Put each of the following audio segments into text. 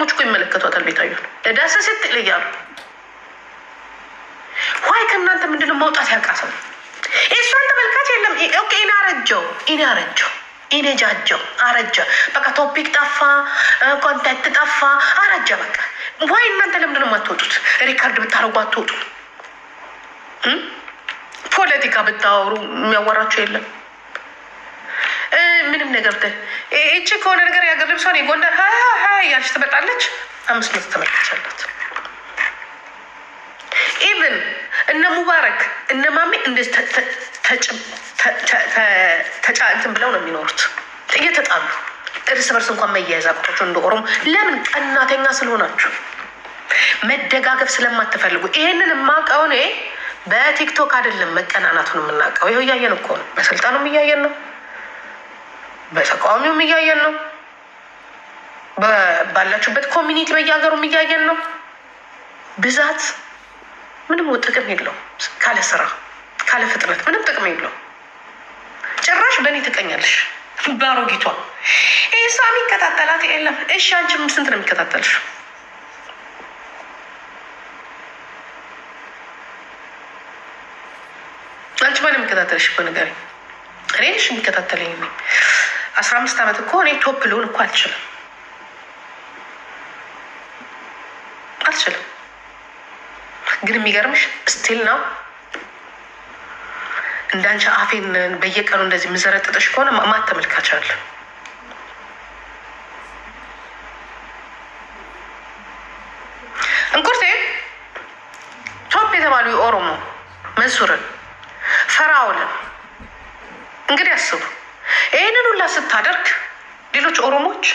ኦሮሞች እኮ ይመለከቷታል። ቤታዩን ለዳሰ ሴት እያሉ ዋይ ከእናንተ ምንድነው መውጣት ያቃሰው? እሷን ተመልካች የለም። ኢኔ አረጀው፣ ኢኔ አረጀው፣ ኢኔ ጃጀው፣ አረጀ። በቃ ቶፒክ ጠፋ፣ ኮንተንት ጠፋ፣ አረጀ። በቃ ዋይ እናንተ ለምንድነው የማትወጡት? ሪካርድ ብታደርጉ አትወጡ። ፖለቲካ ብታወሩ የሚያወራችሁ የለም። ምንም ነገር ግን ይቺ ከሆነ ነገር ያገር ልብሷን የጎንደር ሀያ እያለች ትመጣለች። አምስት መቶ ተመልካች አላት። ኢቭን እነ ሙባረክ እነ ማሜ እንደዚህ ብለው ነው የሚኖሩት እየተጣሉ እርስ በርስ እንኳን መያያዝ አቅቷቸው እንደ ኦሮሞ ለምን ቀናተኛ ስለሆናችሁ መደጋገፍ ስለማትፈልጉ ይሄንን የማውቀው እኔ በቲክቶክ አይደለም መቀናናቱን የምናውቀው ይኸው እያየን እኮ ነው በስልጣኑም እያየን ነው በተቃዋሚውም እያየን ነው። ባላችሁበት ኮሚኒቲ በየሀገሩም እያየን ነው። ብዛት ምንም ጥቅም የለው፣ ካለ ስራ ካለ ፍጥነት ምንም ጥቅም የለው። ጭራሽ በእኔ ትቀኛለሽ ባሮጊቷ ይህ ሳ የሚከታተላት የለም። እሺ አንቺም ስንት ነው የሚከታተልሽ? አንቺ ማን የሚከታተልሽ? በነገር እኔ የሚከታተለኝ አስራ አምስት ዓመት እኮ እኔ ቶፕ ልሆን እኮ አልችልም አልችልም። ግን የሚገርምሽ ስቲል ነው እንዳንቺ አፌን በየቀኑ እንደዚህ የምዘረጥጥሽ ከሆነ ማት ተመልካች አለ እንቁርቴ ቶፕ የተባሉ የኦሮሞ መንሱርን ፈራውልን እንግዲህ አስቡ። ይህንን ሁላ ስታደርግ ሌሎች ኦሮሞዎች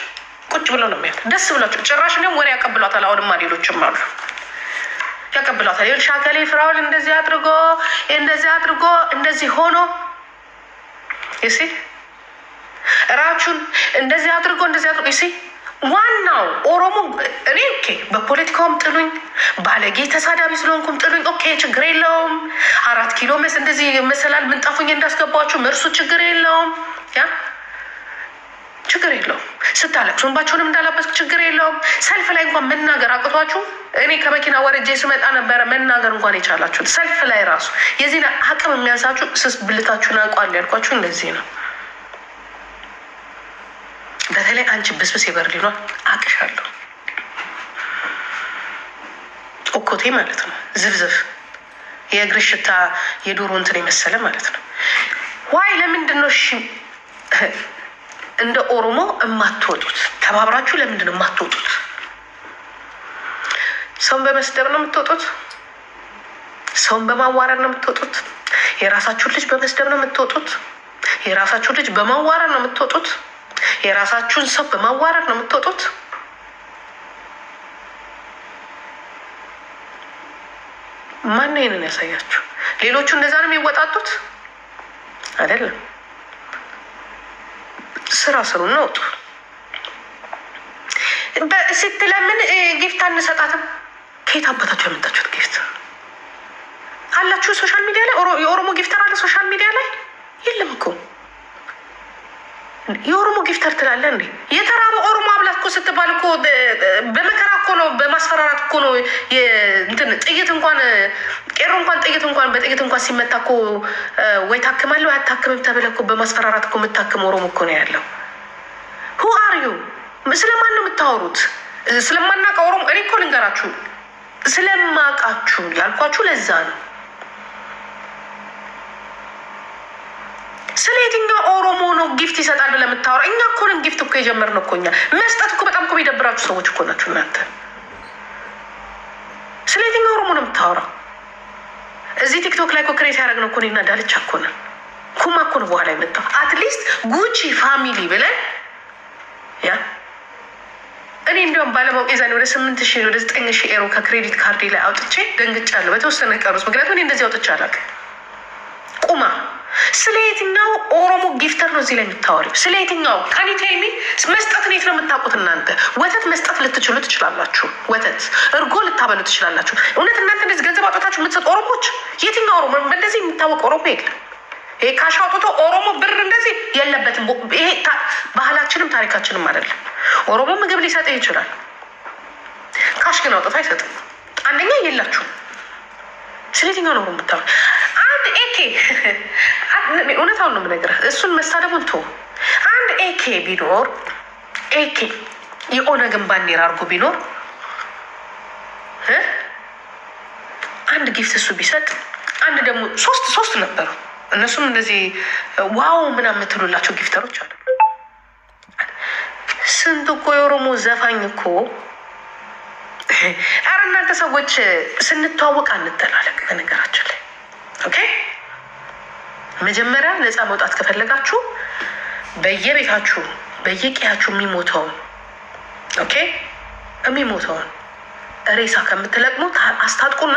ቁጭ ብለው ነው የሚያዩት። ደስ ብሏቸው ጭራሽ እንዲሁም ወሬ ያቀብሏታል። አሁንማ ሌሎችም አሉ ያቀብሏታል። ይኸውልሽ እከሌ ፍራውል እንደዚህ አድርጎ እንደዚህ አድርጎ እንደዚህ ሆኖ ይሲ እራቹን እንደዚህ አድርጎ እንደዚህ አድርጎ ይሲ ዋናው ኦሮሞ እኔ ኦኬ፣ በፖለቲካውም ጥሉኝ፣ ባለጌ ተሳዳቢ ስለሆንኩም ጥሉኝ። ኦኬ ችግር የለውም። አራት ኪሎ መስ እንደዚህ መሰላል ምንጣፉኝ እንዳስገባችሁም እርሱ ችግር የለውም። ያ ችግር የለውም። ስታለቅሱ እንባቸውንም እንዳላበስክ ችግር የለውም። ሰልፍ ላይ እንኳን መናገር አቅቷችሁ እኔ ከመኪና ወረጄ ስመጣ ነበረ መናገር እንኳን የቻላችሁት ሰልፍ ላይ ራሱ የዜና አቅም የሚያንሳችሁ ስስ ብልታችሁን አውቋል ያልኳችሁ እንደዚህ ነው። በተለይ አንቺ ብስብስ የበርሊኗል አቅሻለሁ ኮቴ ማለት ነው። ዝብዝብ የእግር ሽታ የዶሮ እንትን የመሰለ ማለት ነው። ዋይ ለምንድን ነው እንደ ኦሮሞ የማትወጡት ተባብራችሁ ለምንድን ነው የማትወጡት? ሰውን በመስደብ ነው የምትወጡት። ሰውን በማዋረድ ነው የምትወጡት። የራሳችሁን ልጅ በመስደብ ነው የምትወጡት። የራሳችሁን ልጅ በማዋረድ ነው የምትወጡት። የራሳችሁን ሰው በማዋረድ ነው የምትወጡት። ማን ይህንን ያሳያችሁ? ሌሎቹ እንደዛ ነው የሚወጣጡት አይደለም። ስራ ስሩና ወጡ። ስትለምን ጊፍት አንሰጣትም። ከየት አባታችሁ ያመጣችሁት ጊፍት አላችሁ? ሶሻል ሚዲያ ላይ የኦሮሞ ጊፍተር አለ ሶሻል ሚዲያ ላይ የለም እኮ የኦሮሞ ጊፍተር ትላለ እንዴ? የተራበ ኦሮሞ አብላት እኮ ስትባል እኮ በመከራ እኮ ነው፣ በማስፈራራት እኮ ነው። እንትን ጥይት እንኳን ቄሮ እንኳን ጥይት እንኳን በጥይት እንኳን ሲመታ እኮ ወይ ታክማለሁ አታክምም ተብለ እኮ በማስፈራራት እኮ የምታክም ኦሮሞ እኮ ነው ያለው። ሁ አር ዩ ስለማን ነው የምታወሩት? ስለማናቀ ኦሮሞ እኔ እኮ ልንገራችሁ ስለማቃችሁ ያልኳችሁ ለዛ ነው። ስለ የትኛው ኦሮሞ ነው ጊፍት ይሰጣል ብለህ የምታወራው? እኛ እኮ ነን ጊፍት እኮ የጀመርነው እኮ እኛ መስጠት እኮ በጣም እኮ የደብራችሁ ሰዎች እኮ ናችሁ እናንተ። ስለ የትኛው ኦሮሞ ነው የምታወራ? እዚህ ቲክቶክ ላይ እኮ ክሬት ያደረግነው እኮ እኔና ዳልቻ እኮ ነን። ኩማ እኮ ነው በኋላ የመጣው። አትሊስት ጉቺ ፋሚሊ ብለን ያ እኔ እንዲሁም ባለማወቅ የዛኔ ወደ ስምንት ሺ ወደ ዘጠኝ ሺ ኤሮ ከክሬዲት ካርዴ ላይ አውጥቼ ደንግጫለሁ በተወሰነ ቀሩስ ምክንያቱም እኔ እንደዚህ አውጥቼ አላውቅም ቁማ ስለ የትኛው ኦሮሞ ጊፍተር ነው እዚህ ላይ የምታወሪ? ስለ የትኛው ካኒቴልሚ መስጠት የት ነው የምታውቁት እናንተ? ወተት መስጠት ልትችሉ ትችላላችሁ። ወተት እርጎ ልታበሉ ትችላላችሁ። እውነት እናንተ እንደዚህ ገንዘብ አውጣታችሁ የምትሰጥ ኦሮሞች፣ የትኛው ኦሮሞ በእንደዚህ የሚታወቅ ኦሮሞ የለም። ይሄ ካሽ አውጥቶ ኦሮሞ ብር እንደዚህ የለበትም። ይሄ ባህላችንም ታሪካችንም አይደለም። ኦሮሞ ምግብ ሊሰጥ ይችላል። ካሽ ግን አውጥቶ አይሰጥም። አንደኛ የላችሁም። ስለ ነው ኦሮሞ አንድ ኤኬ እውነታውን ነው የምነግርህ። እሱን መሳደቡን ቶ አንድ ኤኬ ቢኖር ኤኬ የኦነግን ባንዲራ አድርጎ ቢኖር አንድ ጊፍት እሱ ቢሰጥ አንድ ደግሞ ሶስት ሶስት ነበሩ። እነሱም እንደዚህ ዋው ምናምን የምትሉላቸው ጊፍተሮች አሉ። ስንት እኮ የኦሮሞ ዘፋኝ እኮ አረ እናንተ ሰዎች ስንተዋወቅ አንጠላለቅ በነገራችን ላይ ኦኬ መጀመሪያ ነፃ መውጣት ከፈለጋችሁ በየቤታችሁ በየቀያችሁ የሚሞተውን ኦኬ የሚሞተውን ሬሳ ከምትለቅሙት አስታጥቁና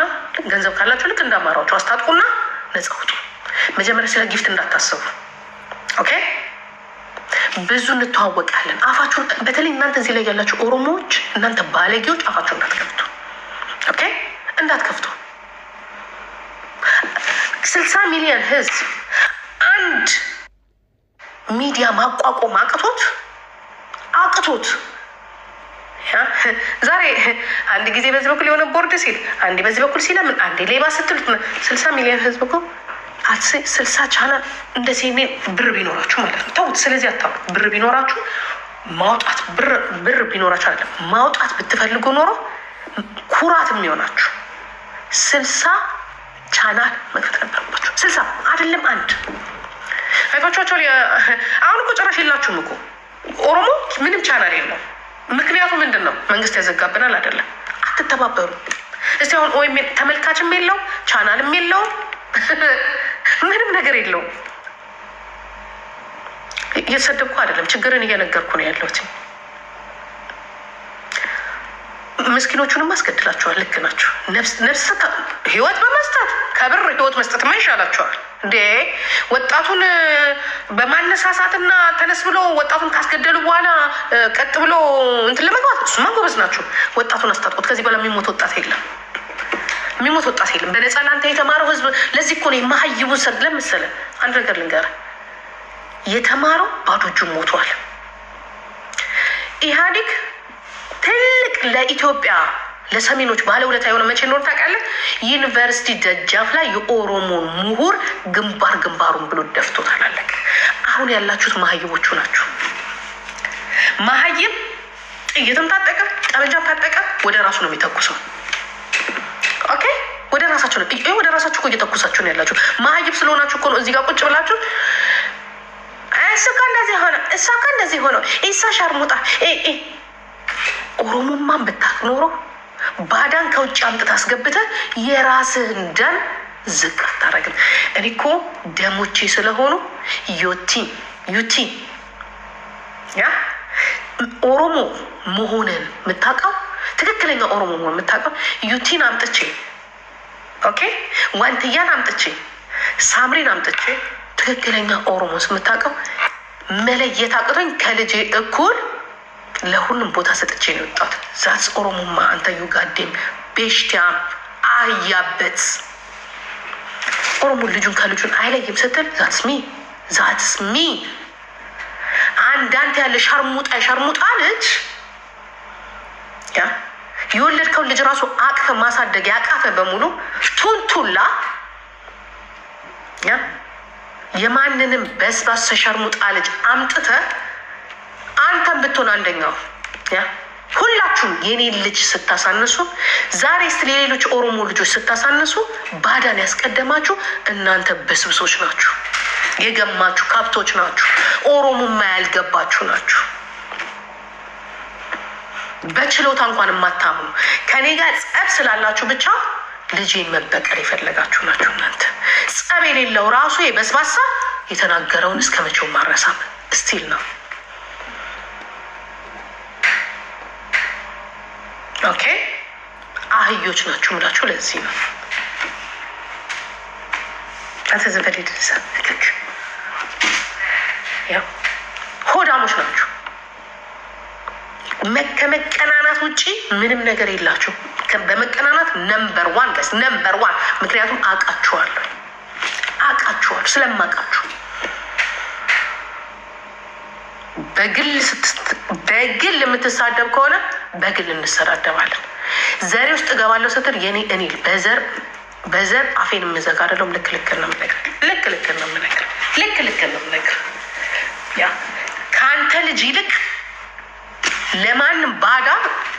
ገንዘብ ካላችሁ ልክ እንዳማራችሁ አስታጥቁና ነፃ ውጡ። መጀመሪያ ስለ ጊፍት እንዳታስቡ። ኦኬ ብዙ እንተዋወቃለን። አፋችሁን በተለይ እናንተ እዚህ ላይ ያላችሁ ኦሮሞዎች፣ እናንተ ባለጌዎች አፋችሁ እንዳትከፍቱ፣ ኦኬ እንዳትከፍቱ። ስልሳ ሚሊዮን ህዝብ አንድ ሚዲያ ማቋቋም አቅቶት አቅቶት ዛሬ አንድ ጊዜ በዚህ በኩል የሆነ ቦርድ ሲል አንዴ በዚህ በኩል ሲለምን አንዴ ሌባ ስትሉት ስልሳ ሚሊዮን ህዝብ እኮ አት ስልሳ ቻና እንደ ሴኔ ብር ቢኖራችሁ ማለት ነው። ተውት። ስለዚህ አታው ብር ቢኖራችሁ ማውጣት ብር ቢኖራችሁ አይደለም ማውጣት ብትፈልጉ ኖሮ ኩራት የሚሆናችሁ ስልሳ ቻናል መክፈት ነበረባችሁ። ስልሳ አይደለም አንድ አይታችኋቸዋል። አሁን እኮ ጭራሽ የላችሁም እኮ ኦሮሞ ምንም ቻናል የለው። ምክንያቱ ምንድን ነው? መንግስት ያዘጋብናል አይደለም? አትተባበሩ። እስቲ አሁን ወይም ተመልካችም የለው ቻናልም የለው? ምንም ነገር የለውም። እየተሰደብኩ አይደለም፣ ችግርን እየነገርኩ ነው ያለሁት። ምስኪኖቹንም አስገድላቸዋል። ልክ ናቸው። ነፍስ ህይወት በመስጠት ከብር ህይወት መስጠትማ ይሻላቸዋል እንዴ! ወጣቱን በማነሳሳትና ተነስ ብሎ ወጣቱን ካስገደሉ በኋላ ቀጥ ብሎ እንትን ለመግባት እሱማ ጎበዝ ናቸው። ወጣቱን አስታጥቁት። ከዚህ በኋላ የሚሞት ወጣት የለም። የሚሞት ወጣት የለም። በነፃ ለአንተ የተማረው ህዝብ ለዚህ እኮ ነው የማሀይቡን ሰርግ ለምሰለ አንድ ነገር ልንገር፣ የተማረው ባዶ እጁን ሞቷል ኢህአዴግ ትልቅ ለኢትዮጵያ ለሰሜኖች ባለውለታ የሆነ መቼ እንደሆነ ታውቃለህ? ዩኒቨርሲቲ ደጃፍ ላይ የኦሮሞን ምሁር ግንባር ግንባሩን ብሎ ደፍቶታል። አለቀ። አሁን ያላችሁት መሀይቦቹ ናችሁ። መሀይብ ጥይትም ታጠቀ፣ ጠመንጃም ታጠቀ ወደ ራሱ ነው የሚተኩሰው። ኦኬ ወደ ራሳችሁ ነው ወደ ራሳችሁ እኮ እየተኩሳችሁ ነው ያላችሁ። መሀይብ ስለሆናችሁ እኮ ነው እዚህ ጋር ቁጭ ብላችሁ እሱ እኮ እንደዚህ ሆነ፣ እሷ እኮ እንደዚህ ሆነ፣ እሷ ሻርሙጣ ኦሮሞማን ብታኖረው ባዳን ከውጭ አምጥት አስገብተ የራስህን ደም ዝቅ አታረግም። እኔ እኮ ደሞቼ ስለሆኑ ዮቲ ዩቲ ያ ኦሮሞ መሆንን የምታውቀው ትክክለኛ ኦሮሞ መሆን የምታውቀው ዩቲን አምጥቼ ኦኬ፣ ዋንትያን አምጥቼ ሳምሪን አምጥቼ ትክክለኛ ኦሮሞስ የምታውቀው መለየት አቅቶኝ ከልጄ እኩል ለሁሉም ቦታ ሰጥቼ ነው የወጣሁት። ዛስ ኦሮሞማ አንተ ዩጋዴም ቤሽቲያ አያበት ኦሮሞ ልጁን ከልጁን አይለይም ስትል ዛትስ ሚ ዛትስ ሚ። አንዳንድ ያለ ሸርሙጣ ሸርሙጣ ልጅ የወለድከውን ልጅ ራሱ አቅፈ ማሳደግ ያቃፈ በሙሉ ቱንቱላ የማንንም በስባስ ሸርሙጣ ልጅ አምጥተ አንተም ብትሆን አንደኛው ያ ሁላችሁም የኔ ልጅ ስታሳንሱ ዛሬ ስ ሌሎች ኦሮሞ ልጆች ስታሳንሱ ባዳን ያስቀደማችሁ እናንተ በስብሶች ናችሁ፣ የገማችሁ ካብቶች ናችሁ፣ ኦሮሞማ ያልገባችሁ ናችሁ። በችሎታ እንኳን የማታምኑ ከኔ ጋር ጸብ ስላላችሁ ብቻ ልጄ መበቀል የፈለጋችሁ ናችሁ። እናንተ ጸብ የሌለው ራሱ የበስባሳ የተናገረውን እስከ መቼው ማረሳም ስቲል ነው። ኦኬ አህዮች ናችሁ ምላችሁ ለዚህ ነው አንተ ዘንበዴ ድልሳ እትክ ሆዳሞች ናችሁ። ከመቀናናት ውጭ ምንም ነገር የላችሁ። በመቀናናት ነምበር ዋን ገስ ነምበር ዋን። ምክንያቱም አውቃችኋለሁ አውቃችኋለሁ ስለማውቃችሁ በግል በግል የምትሳደብ ከሆነ በግል እንሰዳደባለን። ዘሬ ውስጥ እገባለሁ ስትል የኔ እኔ በዘር በዘር አፌን የምዘጋ አይደለሁም። ልክ ልክ ነው የምነግርህ፣ ልክ ልክ ነው የምነግርህ፣ ልክ ልክ ነው የምነግርህ። ያ ከአንተ ልጅ ይልቅ ለማንም ባዳ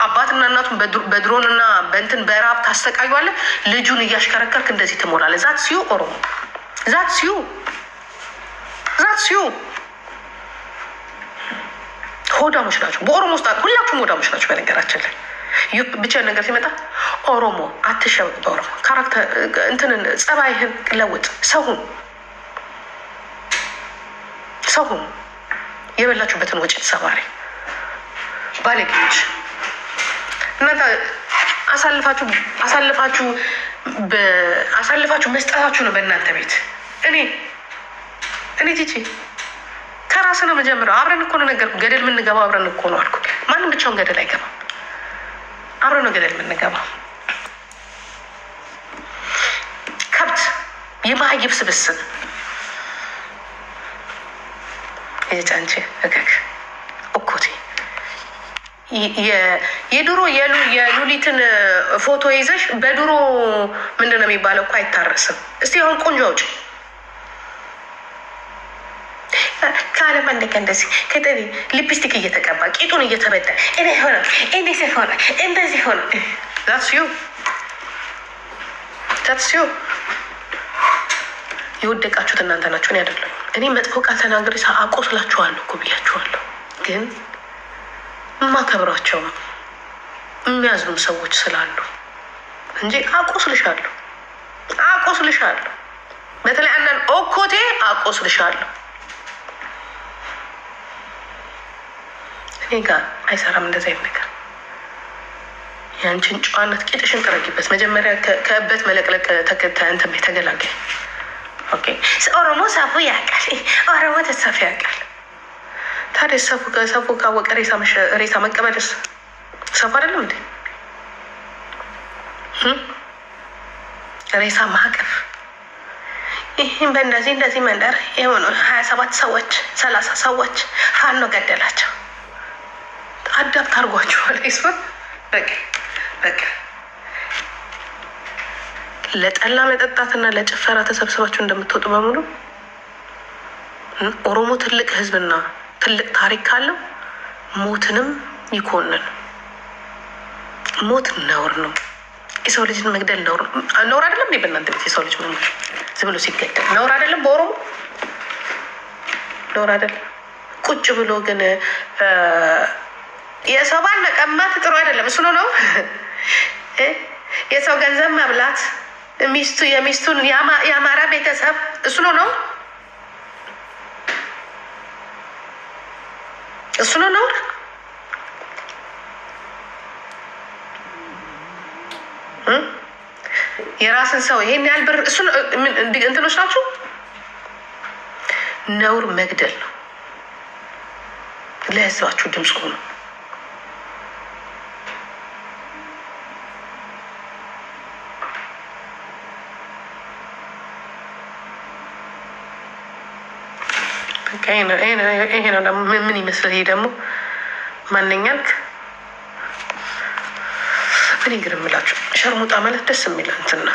አባትና እናቱን በድሮንና በእንትን በረሀብ ታሰቃዩዋለህ። ልጁን እያሽከረከርክ እንደዚህ ትሞላለህ። ዛት ሲዩ ኦሮሞ ዛት ሲዩ ዛት ሲዩ ሆዳሞች ናቸው። በኦሮሞ ውስጥ ሁላችሁም ሆዳሞች ናቸው። በነገራችን ላይ ብቻ ነገር ሲመጣ ኦሮሞ አትሸወቅ። በኦሮሞ ካራክተር እንትንን ጸባይህን ለውጥ። ሰውን ሰውን የበላችሁበትን ወጭት ሰባሪ ባለጌዎች እናንተ አሳልፋችሁ አሳልፋችሁ አሳልፋችሁ መስጠታችሁ ነው በእናንተ ቤት እኔ እኔ ቲቺ ከራስ ነው መጀመሪያ። አብረን እኮ ነው ነገር ገደል የምንገባው አብረን እኮ ነው አልኩት። ማንም ብቻውን ገደል አይገባም። አብረን ነው ገደል የምንገባው። ከብት የማህይብ ስብስብ የጫንቼ እገግ እኮቴ የድሮ የሉሊትን ፎቶ ይዘሽ በድሮ ምንድን ነው የሚባለው እኮ አይታረስም። እስቲ አሁን ቆንጆ አውጪ ከአለም አንደኛ እንደዚህ ከጠሪ ሊፕስቲክ እየተቀባ ቂጡን እየተበጠ እኔ ሆነ እንደዚህ ሆነ እንደዚህ ሆነ ዛትስ ዩ ዛትስ ዩ የወደቃችሁት እናንተ ናችሁ፣ እኔ አይደለም። እኔ መጥፎ ቃል ተናግሬ አቆስላችኋለሁ እኮ ብያችኋለሁ። ግን የማከብራቸውም የሚያዝኑም ሰዎች ስላሉ እንጂ አቆስልሻለሁ፣ አቆስልሻለሁ። በተለይ አንዳንድ ኦኮቴ አቆስልሻለሁ። እኔ ጋር አይሰራም እንደዚ አይነት ነገር። የአንቺን ጨዋነት ቂጥሽን ጥረጊበት መጀመሪያ። ከእበት መለቅለቅ ተንትም ተገላገል። ኦሮሞ ሰፉ ያውቃል፣ ኦሮሞ ተሰፉ ያውቃል። ታዲያ ሰፉ ካወቀ ሬሳ መቀበልስ ሰፉ አይደለም እንዴ? ሬሳ ማቀፍ ይህም በእንደዚህ እንደዚህ መንደር የሆኑ ሀያ ሰባት ሰዎች ሰላሳ ሰዎች ፋኖ ገደላቸው። አዳፕት አድርጓቸዋል። ይስፋ በቃ በቃ ለጠላ መጠጣትና ለጭፈራ ተሰብስባችሁ እንደምትወጡ በሙሉ ኦሮሞ ትልቅ ሕዝብና ትልቅ ታሪክ ካለው ሞትንም ይኮንን። ሞት ነውር ነው። የሰው ልጅን መግደል ነውር ነውር አይደለም። በእናንተ ቤት የሰው ልጅ ዝም ብሎ ሲገደል ነውር አይደለም። በኦሮሞ ነውር አይደለም። ቁጭ ብሎ ግን የሰው ባል መቀማት ጥሩ አይደለም። እሱ ነው የሰው ገንዘብ መብላት ሚስቱ የሚስቱን የአማራ ቤተሰብ እሱ ነው ነው እሱ ነው ነው የራስን ሰው ይሄን ያህል ብር እሱ እንትኖች ናችሁ። ነውር መግደል ነው። ለህዝባችሁ ድምፅ ሆነው ይሄ ነው ደግሞ ምን ይመስል ይሄ ደግሞ ማንኛልክ እኔ ግር የምላችሁ ሸርሙጣ ማለት ደስ የሚል እንትን ነው፣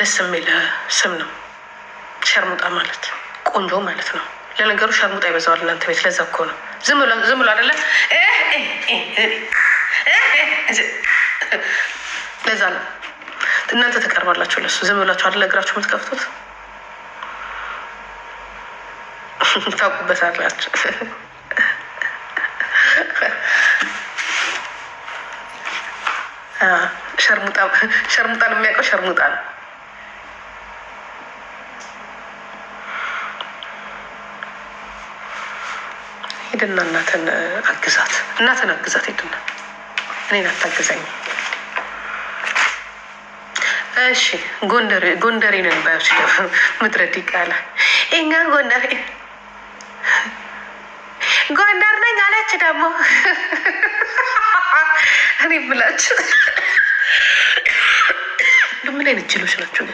ደስ የሚል ስም ነው። ሸርሙጣ ማለት ቆንጆ ማለት ነው። ለነገሩ ሸርሙጣ ይበዛዋል እናንተ ቤት። ለዛ እኮ ነው ዝም ብሎ አደለ ለዛ ነው እናንተ ተቀርባላችሁ ለሱ ዝም ብላችሁ አይደለ እግራችሁ የምትከፍቱት። ታውቁበታላችሁ። ነው የሚያውቀው ሸርሙጣ ነው። ሄድና እናትን አግዛት፣ እናትን አግዛት። ሄድና እኔን አታግዛኝ። እሺ ጎንደሬ ነን ባዮች ምድረ ዲቃላ እኛ ጎንደሬ ጎንደር ነኝ አለች። ደግሞ እኔ ብላች ምን አይነት ችሎች ናቸው?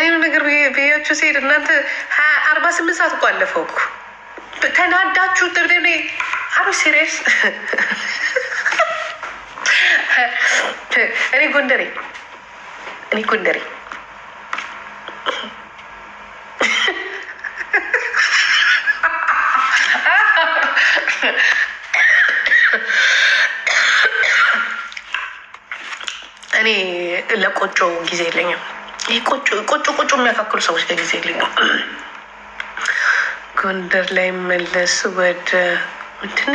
ይህም ነገር ብያችሁ ሲሄድ እናንተ አርባ ስምንት ሰዓት እኮ አለፈው እኮ ተናዳችሁ ጥርዴ አሩ ሲሪየስ እኔ ጎንደሬ እኔ ጎንደሬ እኔ ለቆጮ ጊዜ የለኝም። ይህ ቆጮ ቆጮ የሚያካክሉ ሰዎች ከጊዜ የለኝም። ጎንደር ላይ መለስ ወደ ምንድን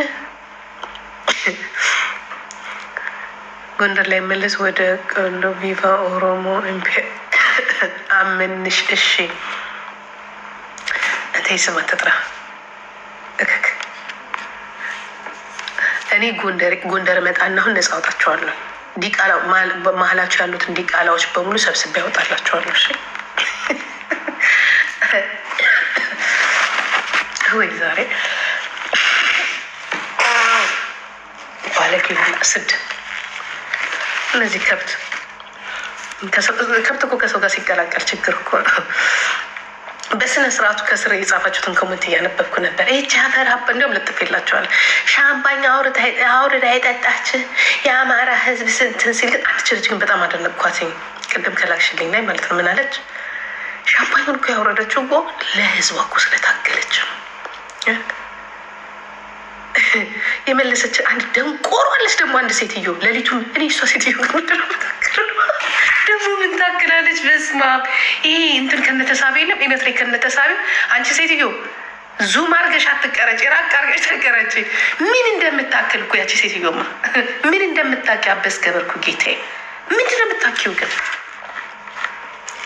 ጎንደር ላይ መለስ ወደ ቀሎ ቪቫ ኦሮሞ አመንሽ እሺ እንተ ስማ ተጥራ እክክ እኔ ጎንደር መጣና አሁን ነፃ አውጣቸዋለሁ። ዲቃላ መሀላቸው ያሉትን ዲቃላዎች በሙሉ ሰብስቤ ያወጣላቸዋለሁ። እሺ ወይ ዛሬ ባለክ ስድ እነዚህ ከብት ከብት እኮ ከሰው ጋር ሲቀላቀል ችግር እኮ ነው። በስነ ስርዓቱ ከስር የጻፋችሁትን ኮመንት እያነበብኩ ነበር። ይች ሀፈር ሀብ እንዲሁም ልጥፍላቸዋል። የላቸዋል ሻምፓኝ አውርዳ የጠጣች የአማራ ህዝብ ስንትን ሲል ግን አንቺ ልጅ ግን በጣም አደነቅኳትኝ። ቅድም ከላክሽልኝ ላይ ማለት ነው። ምን አለች? ሻምፓኙን እኮ ያወረደችው እኮ ለህዝቧ እኮ ስለታገለች ነው የመለሰች አንድ ደንቆሮ አለች። ደግሞ አንድ ሴትዮ ሌሊቱን እኔ እሷ ሴትዮ ታገላለች። በስመ አብ ይሄ እንትን ከነተሳቢ የለም ኤሌክትሪክ ከነተሳቢ። አንቺ ሴትዮ ዙም አርገሽ አትቀረጭ፣ ራቅ አርገሽ ተቀረጭ። ምን እንደምታክል እኮ ያቺ ሴትዮማ ምን እንደምታኪ አበስ ገበርኩ ጌታ፣ ምንድ ነው የምታኪው ግን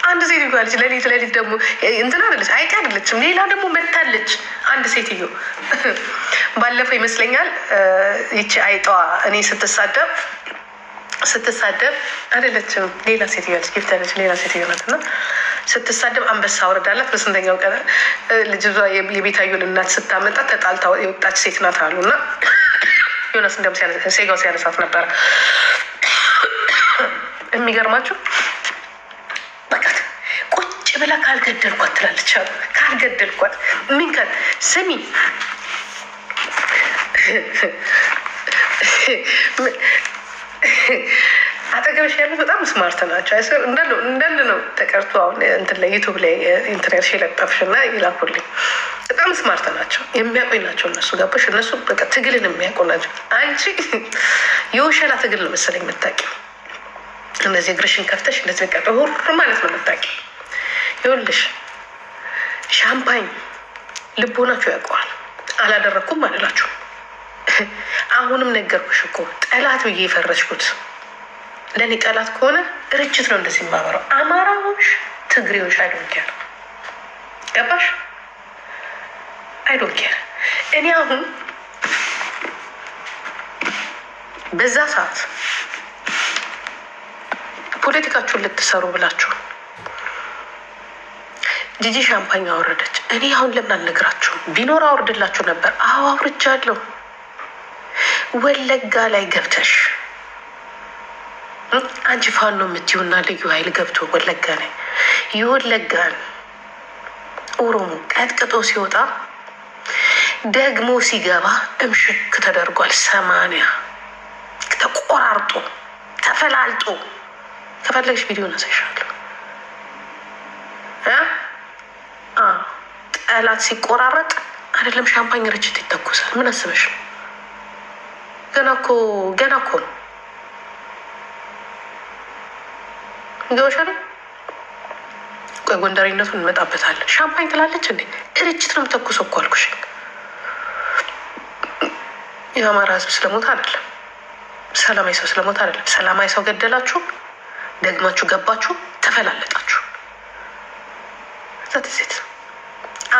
አንድ ሴትዮ አለች። ሌሊት ለሊት ደግሞ እንትን አለች አይቅ አይደለችም፣ ሌላ ደግሞ መታለች። አንድ ሴትዮ ባለፈው ይመስለኛል ይቺ አይጠዋ እኔ ስትሳደብ ስትሳደብ አይደለችም ሌላ ሴት ያለች ጊፍት ያለች ሌላ ሴት ያለት ና ስትሳደብ አንበሳ አውርዳላት በስንተኛው ቀን ልጅ የቤታዩን እናት ስታመጣ ተጣልታ የወጣች ሴት ናት አሉ እና ዮናስ እንደውም ሴጋው ሲያነሳት ነበረ። የሚገርማችሁ በቃት ቁጭ ብላ ካልገደልኳት ትላለች አሉ። ካልገደልኳት ምን ስሚ አጠገብሽ ያሉት በጣም ስማርት ናቸው። እንዳለ ነው ተቀርቶ አሁን እንትን ላይ ዩቱብ ላይ ኢንተርኔት የለጠፍሽ እና ይላኩልኝ። በጣም ስማርት ናቸው፣ የሚያውቁኝ ናቸው እነሱ ጋበሽ። እነሱ በቃ ትግልን የሚያውቁ ናቸው። አንቺ የውሸላ ትግል ነው መሰለኝ የምታውቂው። እነዚህ እግርሽን ከፍተሽ እንደዚህ በቃ ሁር ማለት ነው የምታውቂው። ይኸውልሽ ሻምፓኝ ልቦናቸው ያውቀዋል። አላደረግኩም አልላችሁም አሁንም ነገርኩሽ እኮ ጠላት ብዬ የፈረጅኩት ለእኔ ጠላት ከሆነ ድርጅት ነው እንደዚህ የማበረው። አማራዎች፣ ትግሬዎች አይዶንኬር ገባሽ? አይዶንኬር እኔ አሁን በዛ ሰዓት ፖለቲካችሁን ልትሰሩ ብላችሁ ጂጂ ሻምፓኝ አወረደች። እኔ አሁን ለምን አልነግራችሁም? ቢኖር አወርድላችሁ ነበር። አዎ አውርጃለሁ። ወለጋ ላይ ገብተሽ አንቺ ፋኖ የምትይውና ልዩ ኃይል ገብቶ ወለጋ ላይ የወለጋን ኦሮሞ ቀጥቅጦ ሲወጣ ደግሞ ሲገባ እምሽክ ተደርጓል። ሰማንያ ተቆራርጦ ተፈላልጦ ከፈለግሽ ቪዲዮ ነሳይሻለሁ። ጠላት ሲቆራረጥ አይደለም ሻምፓኝ ርችት ይተኩሳል። ምን አስበሽ ነው? ገና እኮ ገና እኮ ነው ቆይ ጎንደሬነቱን እንመጣበታለን። ሻምፓኝ ትላለች እንዴ እርችት ነው የምተኩሰው እኮ አልኩሽ። የአማራ ህዝብ ስለሞት አይደለም፣ ሰላማዊ ሰው ስለሞት አይደለም። ሰላማዊ ሰው ገደላችሁ፣ ደግማችሁ ገባችሁ፣ ተፈላለጣችሁ። ዛትዜት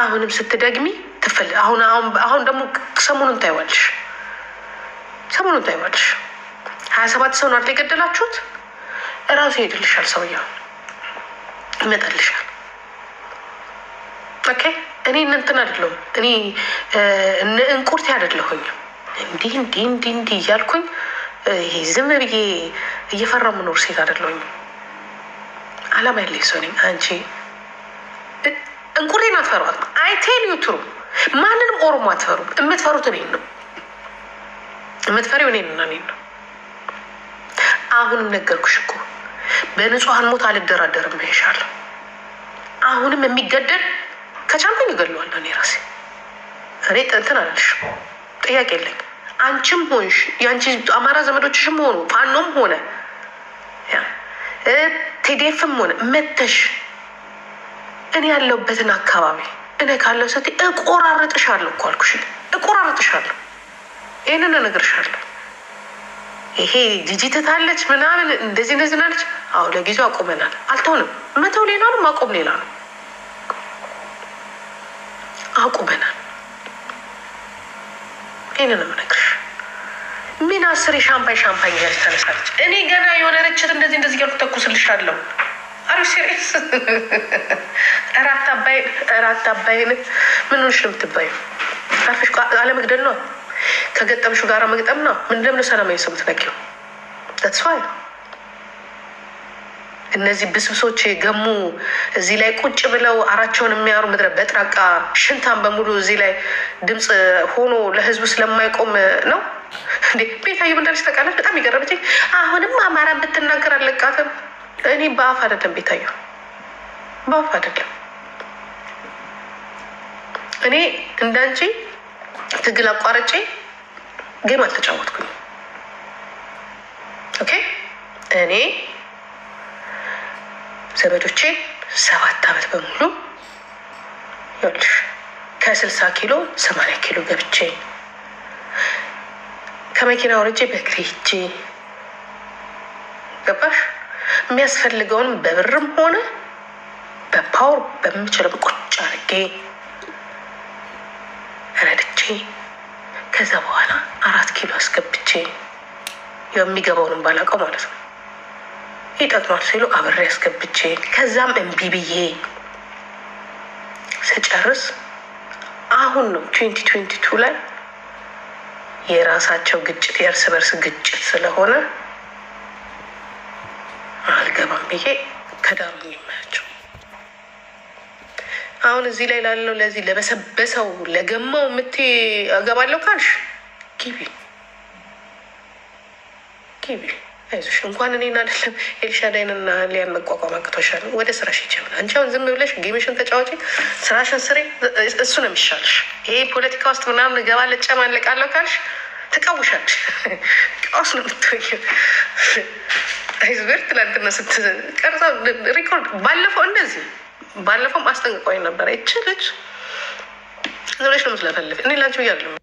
አሁንም ስትደግሚ ትፈል አሁን አሁን ደግሞ ሰሞኑን ታይዋለሽ። ሰሞኑን ታይዋለሽ። ሀያ ሰባት ሰው ነው የገደላችሁት። እራሱ ይሄድልሻል፣ ሰውየው ይመጣልሻል። ኦኬ እኔ እንትን አይደለሁም፣ እኔ እንቁርቴ አይደለሁኝ። እንዲህ እንዲህ እንዲህ እንዲህ እያልኩኝ ይሄ ዝም ብዬ እየፈራ የምኖር ሴት አይደለሁኝ። አላማ ያለኝ ሰው ነኝ። አንቺ እንቁርቴን አትፈሯትም። አይ ትሩ ማንንም ኦሮሞ አትፈሩም። የምትፈሩት እኔን ነው። የምትፈሪው እኔን እና እኔን ነው። አሁንም ነገርኩሽ እኮ በንጹሐን ሞት አልደራደርም ብዬሻለሁ። አሁንም የሚገደል ከቻልኩኝ እገለዋለሁ እኔ ራሴ። እኔ እንትን አለሽ ጥያቄ የለኝ። አንቺም ሆንሽ የአንቺ አማራ ዘመዶችሽም ሆኑ ፋኖም ሆነ ቴዴፍም ሆነ መተሽ እኔ ያለሁበትን አካባቢ እኔ ካለው ሰቴ እቆራረጥሻለሁ እኮ አልኩሽ፣ እቆራረጥሻለሁ ይህንን እነግርሻለሁ። ይሄ ጂጂ ትታለች ምናምን እንደዚህ እንደዚህ ናለች። አሁ ለጊዜው አቁመናል። አልተሆንም። መተው ሌላ ነው፣ ማቆም ሌላ ነው። አቁመናል። ይህንን እነግርሽ ምን አስር ሻምፓኝ ሻምፓኝ እያለች ተነሳለች። እኔ ገና የሆነ ርችት እንደዚህ እንደዚህ እያልኩ ተኩስልሻለሁ። አሪ ሲሪየስ እራት አባይን እራት አባይን ምን ሆንሽ ነው የምትባዩ? አለመግደል ነው ከገጠምሹ ጋር ነው ምን ለምን ሰላም የሰቡት ነኪው ተስፋይ እነዚህ ብስብሶች ገሙ እዚህ ላይ ቁጭ ብለው አራቸውን የሚያሩ ምድረ በጥራቃ ሽንታን በሙሉ እዚህ ላይ ድምፅ ሆኖ ለህዝቡ ስለማይቆም ነው እንዴ? ቤታዬ እንዳለች በጣም የገረመችኝ አሁንም አማራ ብትናገር አለቃትም። እኔ በአፍ አይደለም ቤታዩ፣ በአፍ አይደለም እኔ እንዳንቺ ትግል አቋርጬ ጌም አልተጫወትኩኝ። ኦኬ እኔ ዘመዶቼን ሰባት ዓመት በሙሉ ይኸውልሽ ከስልሳ ኪሎ ሰማንያ ኪሎ ገብቼ ከመኪና ወርጄ በእግሬ ሂጄ ገባሽ የሚያስፈልገውንም በብርም ሆነ በፓወር በምችለው ቁጭ አድርጌ ከዛ በኋላ አራት ኪሎ አስገብቼ የሚገባውንም ባላውቀው ማለት ነው ይጠቅማል ሲሉ አብሬ አስገብቼ ከዛም እምቢ ብዬ ስጨርስ አሁን ነው ትዌንቲ ትዌንቲ ቱ ላይ የራሳቸው ግጭት የእርስ በርስ ግጭት ስለሆነ አልገባም ብዬ ከዳሩ የሚመ አሁን እዚህ ላይ ላለው ለዚህ ለበሰበሰው ለገማው ምት እገባለሁ ካልሽ ግቢ ግቢ፣ አይዞሽ። እንኳን እኔን አይደለም ኤልሻዳይንና ሊያን መቋቋም አቅቶሻል። ወደ ስራሽ ይጀምር። አንቺ አሁን ዝም ብለሽ ጌምሽን ተጫዋጪ፣ ስራሽን ስሬ እሱ ነው የሚሻልሽ። ይሄ ፖለቲካ ውስጥ ምናምን እገባለሁ እጨማለቃለሁ ካልሽ ትቃውሻለሽ። ቀውስ ነው የምትሆኝው። አይዝበር ትላንትና ስትቀርጸው ሪኮርድ ባለፈው እንደዚህ ባለፈውም አስጠንቅቆኝ ነበር። ይች ልጅ ዝብለሽ ነው እኔ ላንቺ ብያለሁ።